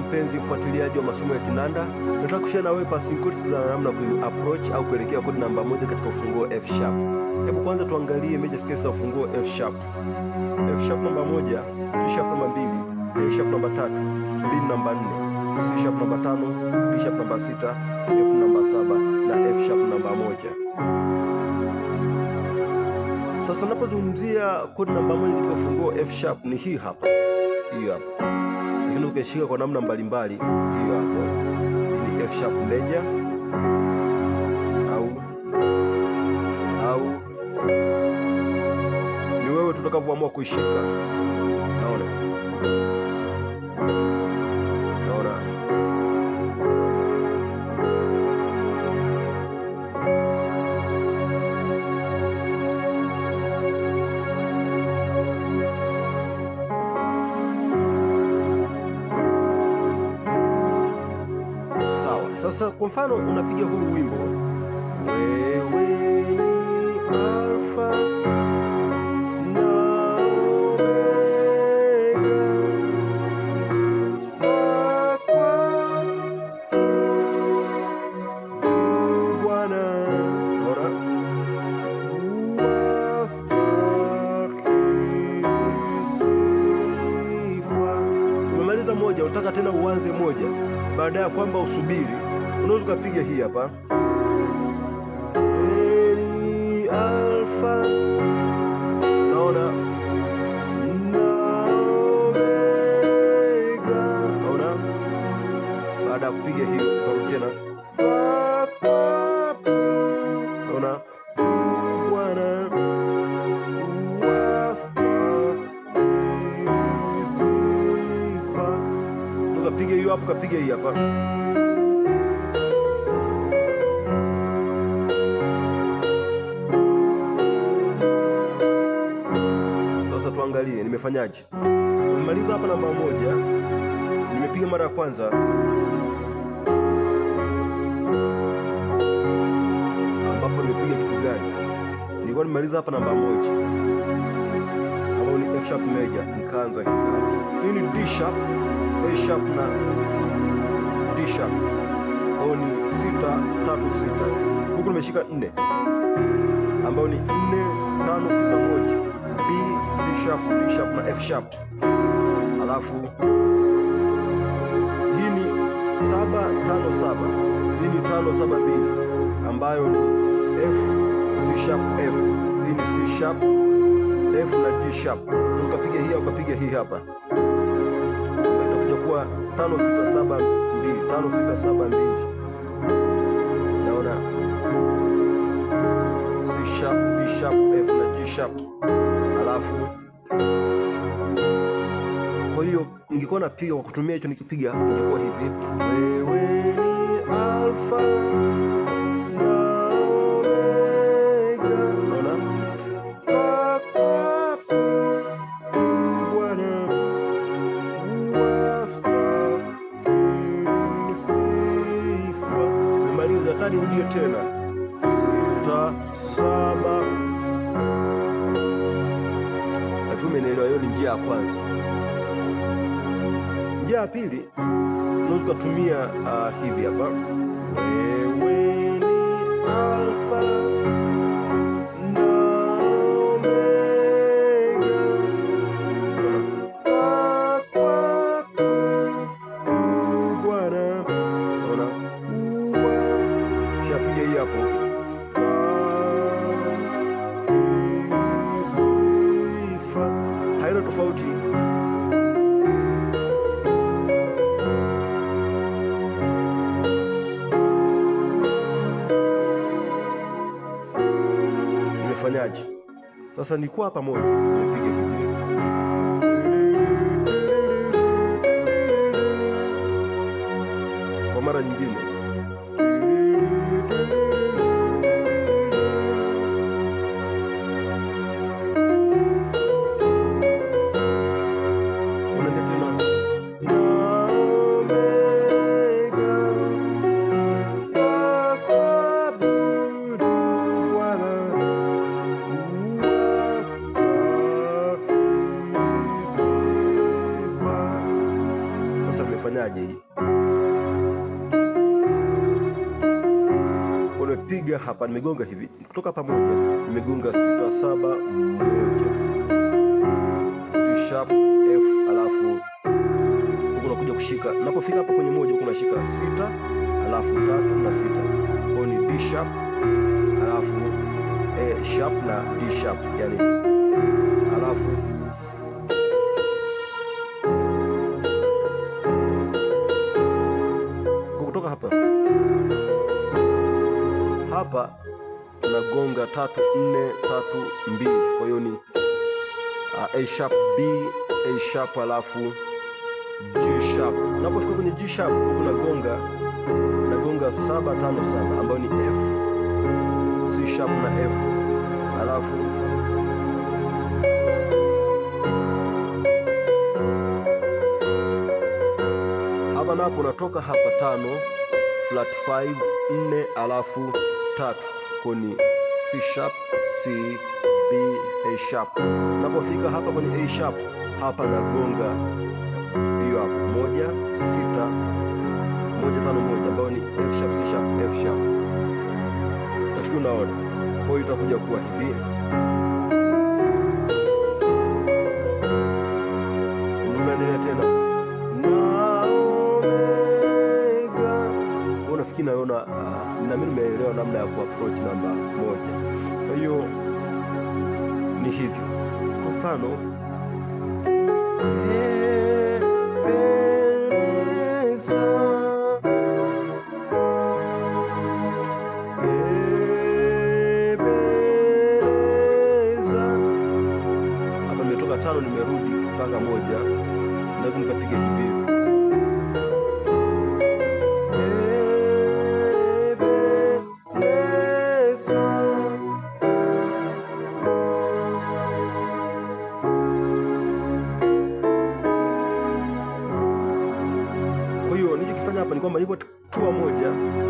Hivyo mpenzi mfuatiliaji wa masomo ya kinanda, nataka kushare na wewe passing chords za namna ku approach au kuelekea kodi namba moja katika ufunguo F sharp. Hebu kwanza tuangalie major scales za ufunguo F sharp. F sharp namba moja, G sharp namba mbili, A sharp namba tatu, B namba nne, C sharp namba tano, D sharp namba sita, F namba saba na F sharp namba moja. Sasa napozungumzia kodi namba moja katika ufunguo F sharp ni hii hapa. Hii hapa lakini ukishika kwa namna mbalimbali hiyo hapo ni F sharp major au au ni wewe tutakavyoamua kuishika, naona Sasa kwa mfano unapiga huu wimbo wewe ni Alfa moja unataka tena uanze moja, baada ya kwamba usubiri unaweza ukapiga hii hapa Eli Alfa, naona naona, baada ya kupiga hiyo karudi tena, naona ukapiga hiyo hapo, kapiga hii hapa nimefanyaje? Nimemaliza hapa namba moja, nimepiga mara ya kwanza ambapo nimepiga kitu gani? Nilikuwa nimemaliza hapa namba moja ambao ni F sharp major, nikaanza hii ni D sharp, A sharp na D sharp, ambao ni sita tatu sita, huku nimeshika nne ambayo ni nne tano sita moja C sharp, D sharp na F sharp. Alafu hii ni saba tano saba, hii ni tano saba mbili ambayo ni F C sharp F, hii ni C sharp F na G sharp. Ukapiga hii ukapiga hii hapa, itakuja kuwa tano sita saba mbili, tano sita saba mbili. Naona C sharp D sharp F na G sharp alafu kwa hiyo ningekuwa napiga kwa kutumia hicho nikipiga ningekuwa hivi wewe ni alfa Nimaliza tani, rudio tena, sita saba Umenielewa? Hiyo ni njia ya kwanza. Njia ya pili unaweza kutumia uh, ah, hivi hapa wewe ni alfa Sasa ni kwa pamoja kwa mara nyingine. nimepiga hapa, nimegonga hivi kutoka pamoja, nimegonga sita saba moja D sharp F, alafu huko unakuja kushika. Napofika hapa kwenye moja, huko unashika sita, alafu tatu na sita, kwa ni D sharp, alafu A eh, sharp na D sharp yani, alafu hapa tunagonga tatu nne tatu mbili, kwa hiyo ni uh, A sharp B A sharp alafu G sharp. Unapofika kwenye G sharp unagonga unagonga saba tano saba ambayo ni F C sharp na F alafu hapa napo unatoka hapa tano flat 5 4 alafu tatu koni C sharp, C, B, A sharp. Napofika hapa kwenye A sharp, hapa nagonga hiyo hapo moja sita moja tano moja ambayo ni F sharp, C sharp, F sharp. Nafikiri unaona. Kwa hiyo itakuja kuwa hivi lakini naona uh, ah, na mimi nimeelewa namna ya kuapproach namba moja. Kwa hiyo ni hivyo, kwa mfano hapa nimetoka tano, nimerudi mpaka moja, naweza nikapiga hivi kwamba lipo tua moja